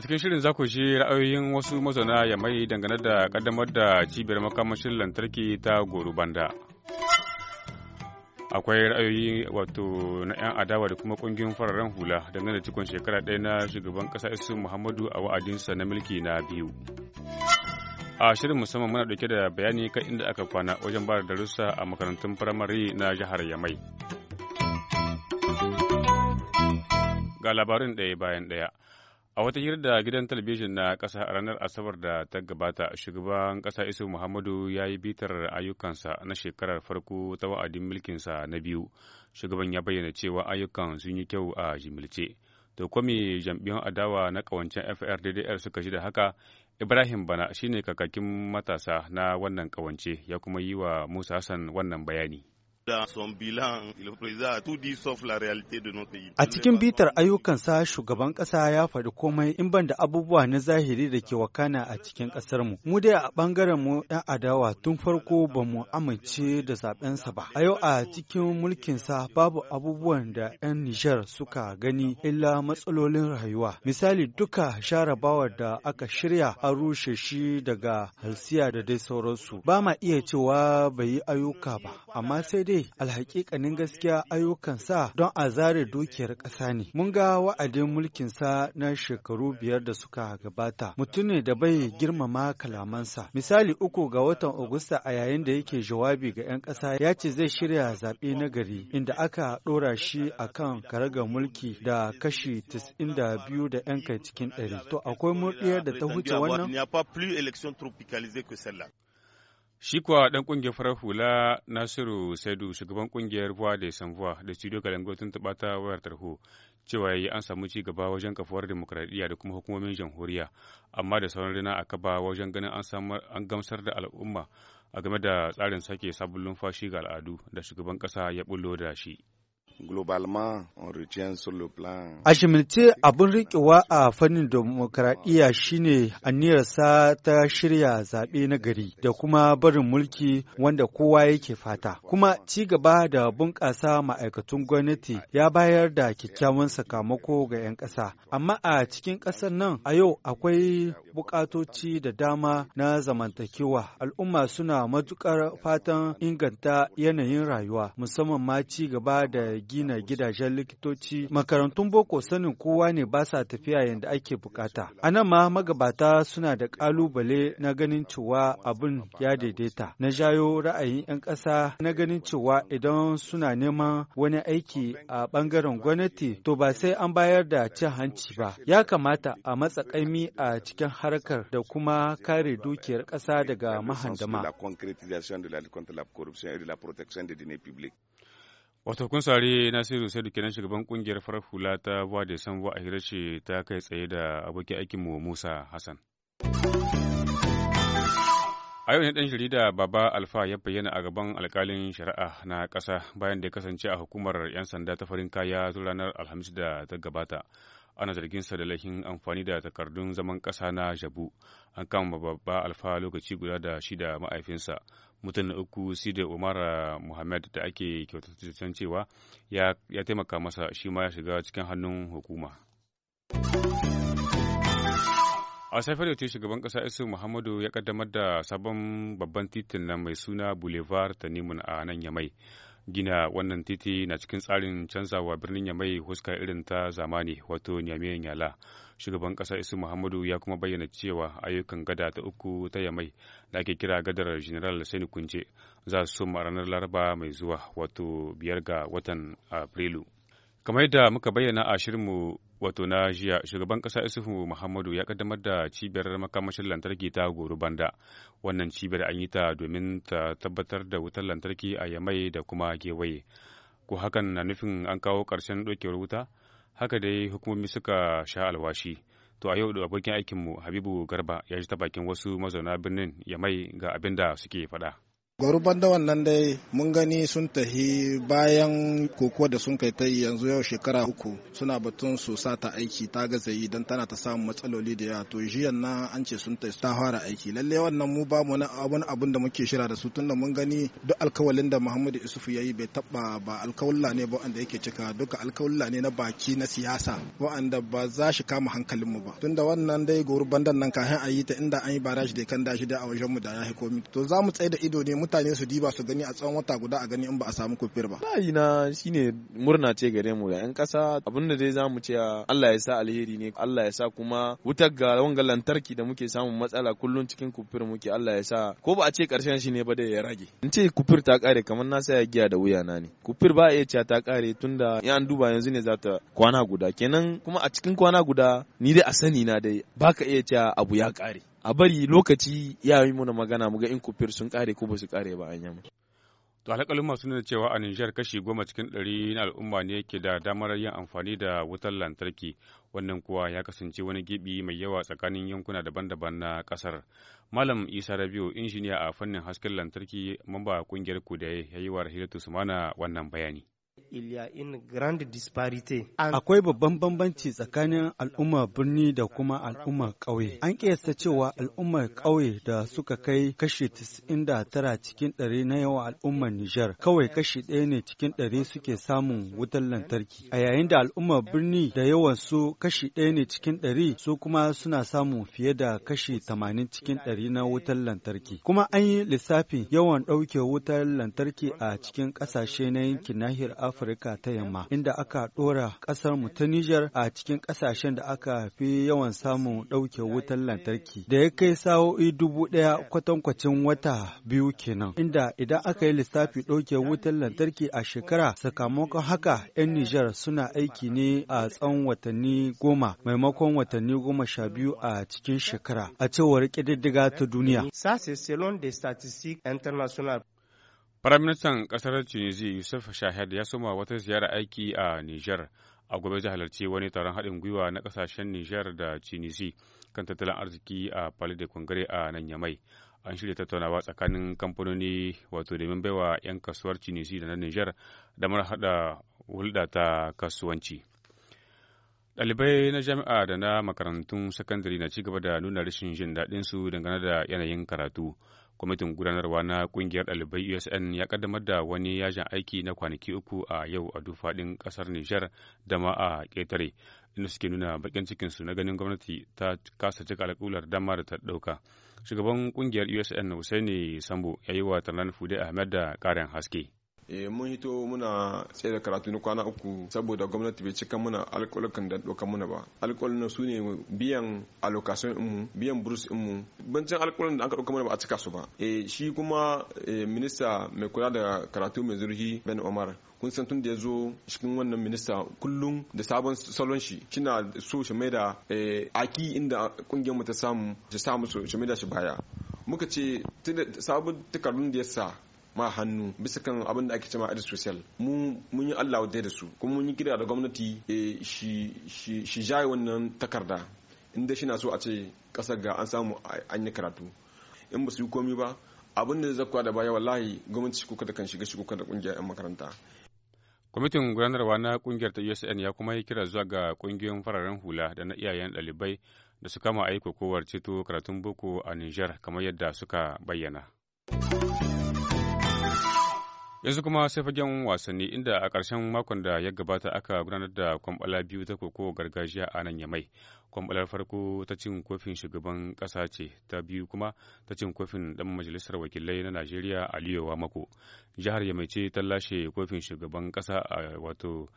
a cikin shirin za ku ji ra'ayoyin wasu mazauna ya mai dangane da kaddamar da cibiyar makamashin lantarki ta Goro Banda. akwai ra'ayoyi wato na 'yan adawa da kuma kungiyoyin fararen hula dangane da cikon shekara ɗaya na shugaban ƙasa isu muhammadu a wa'adinsa na mulki na biyu a shirin musamman muna dauke da bayani kan inda aka kwana wajen ba da darussa a makarantun firamare na jihar yamai ga labarin ɗaya bayan ɗaya A wata hirar da gidan talabijin na ƙasa a ranar Asabar da ta gabata, shugaban ƙasa Isu Muhammadu ya yi bitar ayyukansa na shekarar farko ta wa'adin mulkinsa na biyu. Shugaban ya bayyana cewa ayyukan sun yi kyau a jimilce. To kwame jam'iyyun adawa na ƙawancen FRDDR suka ji da haka, Ibrahim Bana shine kakakin matasa na wannan ƙawance ya kuma yi wa Musa Hassan wannan bayani. A cikin bitar ayyukansa shugaban ƙasa ya faɗi komai in ban da abubuwa na zahiri da ke wakana a cikin ƙasarmu. Mu dai a ɓangaren mu 'yan adawa tun farko ba mu amince da zaɓensa ba. A yau a cikin mulkin sa, babu abubuwan da 'yan Nijar suka gani illa matsalolin rayuwa. Misali duka sharabawar da aka shirya an rushe shi daga halsiya da dai sauransu. Ba ma iya cewa bai yi ayyuka ba, amma sai dai dai alhaƙiƙanin gaskiya ayyukansa don a zare dukiyar ƙasa ne. Mun ga wa'adin mulkin sa na shekaru biyar da suka gabata. Mutum ne da bai girmama kalamansa. Misali uku ga watan Agusta a yayin da yake jawabi ga 'yan ƙasa ya ce zai shirya zaɓe na gari inda aka ɗora shi a kan karagar mulki da kashi 92 da 'yan kai cikin ɗari. To akwai murɗiyar da ta huce wannan? Shi kuwa ɗan ƙungiyar farar hula Nasiru Saidu shugaban ƙungiyar Voix de Sanvoix da Studio Kalango tun taɓa ta wayar tarho cewa ya yi an samu ci gaba wajen kafuwar demokuraɗiyya da kuma hukumomin jamhuriya amma da sauran rina a kaba wajen ganin an gamsar da al'umma a game da tsarin sake sabon numfashi ga al'adu da shugaban ƙasa ya bullo da shi. A shimilce abin riƙewa a fannin demokaradiyya shine aniyarsa ta shirya zaɓe na gari da kuma barin mulki wanda kowa yake fata. Kuma ci gaba da bunƙasa ma'aikatun gwamnati ya bayar da kyakkyawan sakamako ga 'yan ƙasa. Amma a cikin ƙasar nan a yau akwai buƙatoci da dama na zamantakewa. Al'umma suna matuƙar fatan inganta yanayin rayuwa musamman ma ci gaba da gina gidajen likitoci makarantun boko sanin kowa ne ba sa tafiya yadda ake bukata a nan ma magabata suna da kalubale na ganin cewa abin ya daidaita na jayo ra'ayin 'yan ƙasa na ganin cewa idan suna neman wani aiki a ɓangaren gwamnati to ba sai an bayar da cin hanci ba ya kamata a matsa ƙaimi a cikin harkar da kuma kare dukiyar ƙasa daga mahandama. Wato kun sare Nasiru Saidu kenan shugaban kungiyar farar hula ta buwa de san a Hirace ta kai tsaye da abokin mu Musa Hassan. A yau ne ɗan jarida Baba Alfa ya bayyana a gaban alkalin shari'a na ƙasa bayan da ya kasance a hukumar 'yan sanda ta farin kaya tun ranar Alhamis da ta gabata. ana zargin sa da laifin amfani da takardun zaman ƙasa na jabu an kama babba alfa lokaci guda da shi da ma'aifinsa mutum na uku sida umar muhammad da ake kyautatattun cewa ya taimaka masa shi ma ya shiga cikin hannun hukuma a safiyar yau shugaban ƙasa isu muhammadu ya kaddamar da sabon babban titin na mai suna boulevard tanimun a nan yamai gina wannan titi na cikin tsarin canzawa birnin yamai huska irin ta zamani wato nyame nyala shugaban kasa isu muhammadu ya kuma bayyana cewa ayyukan gada ta uku ta yamai da ake kira gadar general sani kunce za su ma ranar laraba mai zuwa wato biyar ga watan afrilu kamar yadda muka bayyana a shirinmu wato na jiya shugaban kasa isufu muhammadu ya kaddamar da cibiyar makamashin lantarki ta goro banda wannan cibiyar an yi ta domin ta tabbatar da wutar lantarki a yamai da kuma gewaye ko hakan na nufin an kawo ƙarshen ɗaukewar wuta haka dai hukumomi suka sha alwashi to a yau da abokin aikinmu habibu garba ya ji ta bakin wasu mazauna birnin yamai ga abin da suke faɗa. Gwaruban da wannan dai mun gani sun tahi bayan kokowa da sun kai ta yi yanzu yau shekara uku suna batun su sa ta aiki ta gaza yi don tana ta samun matsaloli da yawa to jiyan na an ce sun ta fara aiki lalle wannan mu ba mu wani abun da muke shira da su tunda mun gani duk alkawalin da Muhammadu Isufu ya yi bai taba ba alkawalla ne ba wanda yake cika duka alkawalla ne na baki na siyasa wanda ba za shi kama hankalin mu ba tunda wannan dai gurban nan kafin a yi ta inda an yi barashi da kan dashi da a mu da ya komi to za mu tsaye da ido ne mutane su diba su gani a tsawon wata guda a gani in ba a samu kofir ba na shine murna ce gare mu yan kasa abin da dai zamu ce Allah ya sa alheri ne Allah ya sa kuma wutar ga wangan lantarki da muke samun matsala kullum cikin kofir muke Allah ya sa ko ba a ce karshen shi ne ba da ya rage in ce kofir ta kare kamar na sa ya giya da wuya na ne kofir ba a iya cewa ta kare tunda in an duba yanzu ne za ta kwana guda kenan kuma a cikin kwana guda ni dai a sani na dai baka iya cewa abu ya kare a bari lokaci ya yi muna magana muga in kufir sun kare ko ba su kare ba an yamma. To alƙalin masu nuna cewa a Nijar kashi goma cikin ɗari na al'umma ne ke da damar yin amfani da wutar lantarki wannan kuwa ya kasance wani gibi mai yawa tsakanin yankuna daban-daban na ƙasar. Malam Isa Rabiu injiniya a fannin hasken lantarki mamba ƙungiyar Kudaye ya yi wa Rahilatu Sumana wannan bayani. Akwai babban bambanci tsakanin al'ummar birni da kuma al'ummar ƙauye. An kiyasta cewa al'ummar ƙauye da suka kai kashi 99 cikin ɗari na yawan al'ummar Nijar kawai kashi ɗaya ne cikin ɗari suke samun wutar lantarki. A yayin da al'ummar birni da yawan su kashi ɗaya ne cikin ɗari su kuma suna samun fiye da kashi 80 cikin ɗari na wutar lantarki. Kuma an yi lissafi yawan ɗauke wutar lantarki a cikin ƙasashe na yankin nahiyar Afirka Afirka ta Yamma, inda aka ɗora ƙasar mu ta Nijar a cikin ƙasashen da aka fi yawan samun ɗauke wutan lantarki, da ya kai sa'o'i dubu ɗaya kwatankwacin wata biyu kenan, inda idan aka yi lissafi ɗauke wutar lantarki a shekara sakamakon haka 'yan Nijar suna aiki ne a tsawon watanni goma maimakon watanni goma sha biyu a cikin shekara, a cewar ƙididdiga ta duniya. Firaministan ƙasar Tunisia Yusuf Shahid ya soma wata ziyara aiki a Nijar. A gobe zai halarci wani taron haɗin gwiwa na ƙasashen Nijar da Tunisia kan tattalin arziki a Palais de Congrès a nan Yamai. An shirya tattaunawa tsakanin kamfanoni wato domin baiwa 'yan kasuwar Tunisia da na Nijar damar haɗa hulɗa ta kasuwanci. Ɗalibai na jami'a da na makarantun sakandare na ci gaba da nuna rashin jin su dangane da yanayin karatu. kwamitin gudanarwa na kungiyar ɗalibai usn ya kaddamar da wani yajin aiki na kwanaki uku a yau a dufaɗin ƙasar niger da ma a ƙetare inda suke nuna bakin cikinsu na ganin gwamnati ta kasa cika alƙular dama da ta ɗauka shugaban kungiyar usn husaini sambo ya yi wa tarnan fude ahmed da ƙarin haske Eh, mun hito muna tsaye da karatu na kwana uku saboda gwamnati bai cika muna alƙalukan da ɗaukan muna ba na su ne biyan allocation mu biyan burus mu bancin alƙalin da aka ɗauka muna ba a cika su ba eh, shi kuma eh, minista mai kula da karatu mai zurfi ben omar kun san tun da ya zo cikin wannan minista kullum da sabon salon shi kina so shi mai da aki inda kungiyar mu ta samu shi samu shi mai da shi baya muka ce sabon takardun da ya sa ma hannu bisa kan abin da ake cewa aid social mun yi Allah wadai da su kuma mun yi kira da gwamnati eh, shi jaye wannan takarda inda shi na so a ce kasar ga an samu an yi karatu in ba su yi komi ba abin da zakwa da baya wallahi gwamnati kuka da kan shiga shi kuka da kungiyar 'yan makaranta kwamitin gudanarwa na kungiyar ta usn ya kuma yi kira zuwa ga kungiyoyin fararen hula da na iyayen ɗalibai da su kama aiko kowar ceto karatun boko a niger kamar yadda suka bayyana. yanzu kuma sai fagen wasanni inda a ƙarshen makon da ya gabata aka gudanar da kwambala biyu ta koko gargajiya a nan yamai kwambalar farko ta cin kofin shugaban ƙasa ce ta biyu kuma ta cin kofin ɗan majalisar wakilai na najeriya aliyowa mako jihar yamai ce ta lashe kofin shugaban ƙasa a wato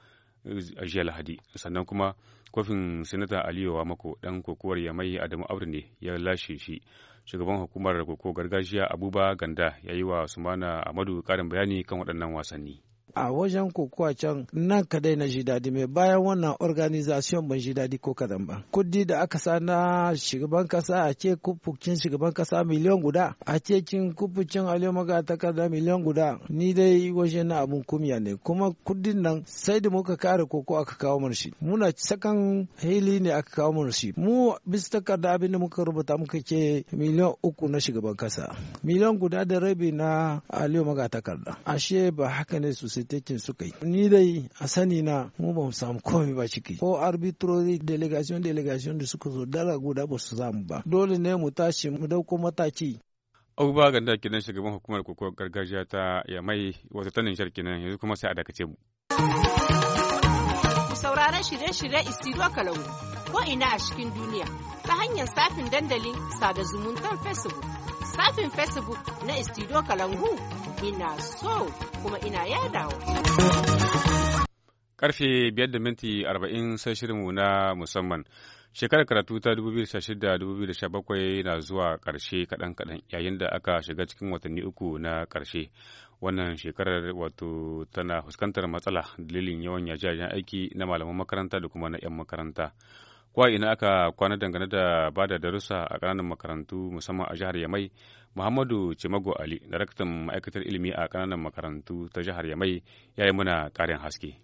a jiya lahadi sannan kuma kofin sinata aliyu wa mako dan kokowar mai adamu aure ne ya lashe shi shugaban hukumar koko gargajiya abuba ganda ya yi wa sumana amadu karin bayani kan waɗannan wasanni a wajen kokowa can nan kadai na ji mai bayan wannan organization ban ji ko kadan ba kudi da aka sa na shugaban kasa a ce kufucin shugaban kasa miliyan guda a ce kin kufucin ta takarda miliyan guda ni dai waje na abun kumya ne kuma kudin nan sai da muka kare koko aka kawo mana shi muna sakan hili ne aka kawo mana shi mu bisa takarda abin da muka rubuta muka ce miliyan uku na shugaban kasa miliyan guda da rabi na aliyu takarda ashe ba haka ne sosai daidaitakin suka yi ni dai a sani na mu ba mu samu komai ba ciki ko arbitrary delegation delegation da suka zo dara guda ba su samu ba dole ne mu tashi mu dauko mataki abubuwa ga da kenan shugaban hukumar kokon gargajiya ta yamai wata tanin sharki nan yanzu kuma sai a dakace mu sauraron shirye-shirye istiro kalangu ko ina a cikin duniya ta hanyar safin dandalin sada zumuntar facebook shafin facebook na istido kalangu ina so kuma ina yadawa karfe biyar da minti arba'in sai shirinmu na musamman shekarar karatu ta 2016-2017 na zuwa karshe kaɗan-kaɗan yayin da aka shiga cikin watanni uku na karshe wannan shekarar wato tana fuskantar matsala dalilin yawan yajajen aiki na malaman makaranta da kuma na 'yan makaranta Kwa ina aka kwana dangane da ba da darussa a ƙananan makarantu musamman a jihar Yamai, Muhammadu Cimago Ali, daraktan ma'aikatar ilimi a ƙananan makarantu ta jihar Yamai, ya yi muna ƙarin haske.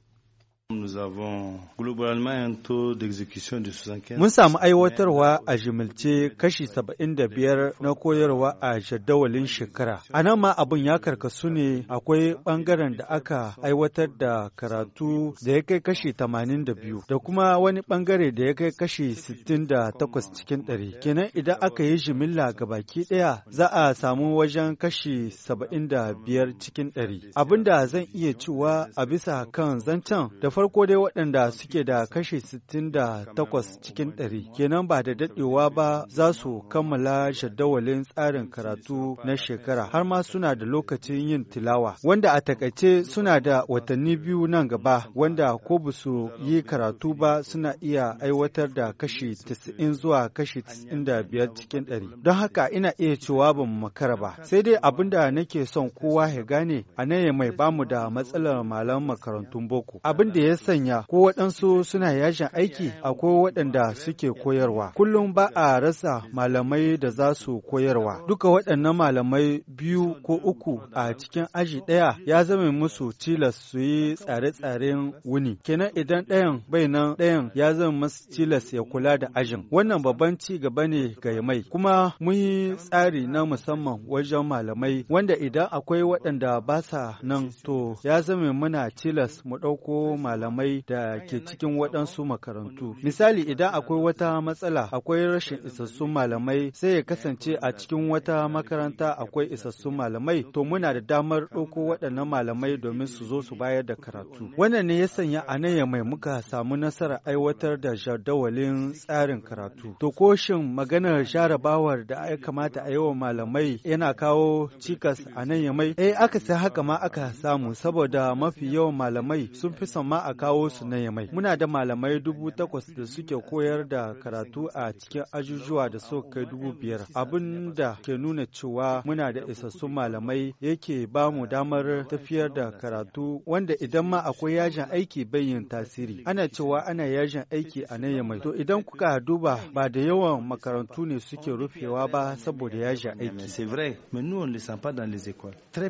Mun samu aiwatarwa a jimilce kashi 75 na koyarwa a jadawalin shekara. A nan ma abin ya karkasu ne akwai ɓangaren da aka aiwatar da karatu da ya kai kashi 82 da kuma wani ɓangare da ya kai kashi 68 cikin ɗari. Kenan idan aka yi jimilla ga baki ɗaya za a samu wajen kashi 75 cikin ɗari. Abin da zan iya cewa a bisa kan zancen da farko dai waɗanda suke da kashi 68 cikin ɗari kenan ba da daɗewa ba za su kammala jadawalin tsarin karatu na shekara har ma suna da lokacin yin tilawa wanda a takaice suna da watanni biyu nan gaba wanda ko ba su yi karatu ba suna iya aiwatar da kashi 90 zuwa kashi 95 cikin ɗari don haka ina iya cewa mu makara ba sai dai abin da nake son kowa ya gane a nan mai bamu da matsalar malaman makarantun boko abin da ya ya sanya ko waɗansu suna yashin aiki akwai waɗanda suke koyarwa. Kullum ba a rasa malamai da za su koyarwa. Duka waɗannan malamai biyu ko uku a cikin aji ɗaya ya zama musu tilas su yi tsare-tsaren wuni. Kenan idan ɗayan bai nan ɗayan ya zama musu tilas ya kula da ajin. Wannan babban ci gaba ne ga mai Kuma mun yi tsari na musamman wajen malamai wanda idan akwai waɗanda ba sa nan to ya zama muna tilas mu ɗauko malamai. malamai da ke cikin waɗansu makarantu. Misali idan akwai wata matsala akwai rashin isassun malamai sai ya kasance a cikin wata makaranta akwai isassun malamai to muna da damar ɗauko waɗannan malamai domin su zo su bayar da karatu. Wannan ne ya sanya a nan ya mai muka samu nasarar aiwatar da jadawalin tsarin karatu. To ko maganar jarabawar da ya kamata a yi malamai yana kawo cikas a nan ya mai? Eh aka sai haka ma aka samu saboda mafi yawan malamai sun fi son ma a kawo su na yamai. Muna da malamai dubu takwas da suke koyar da karatu a cikin ajujuwa da suka kai dubu biyar. Abin da ke nuna cewa muna da isassun malamai yake ba mu damar tafiyar da karatu wanda idan ma akwai yajin aiki yin tasiri. Ana cewa ana yajin aiki a nan yamai. To idan kuka duba ba da yawan makarantu ne suke rufewa ba saboda yajin aiki. C'est vrai, mais on ne les sent pas dans les écoles. Très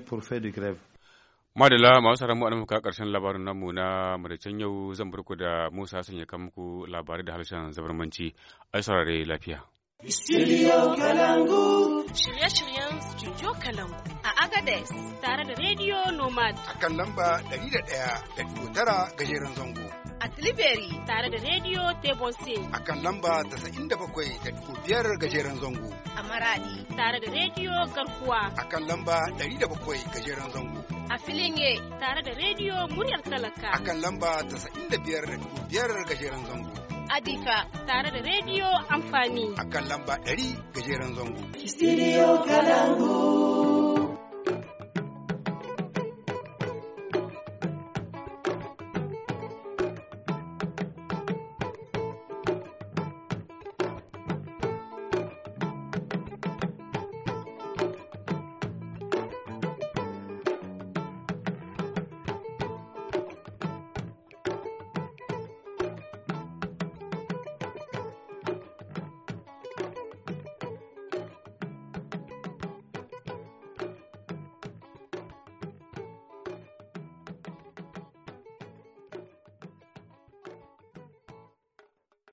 pour faire de grève. Madala masu sauran mu muka karshen labarin namu na madacin yau zan burku da Musa sun ya muku labarai da harshen zabarmanci a saurare lafiya. Shirye-shiryen Studio Kalangu. Agadez, tare da Radio Nomad. A kan lamba 101.9 gajeren zango. A Tilibiri tare da Radio Tebosi. A kan lamba 97.5 gajeren zango. A Maradi tare da Radio Garkuwa. A kan lamba 107 gajeren zango. A Filinge tare da Radio Muryar Talaka. A kan lamba 95.5 gajeren zango. Adifa tare da rediyo amfani. A kan lamba 100 gajeren zango. Studio Kalangu.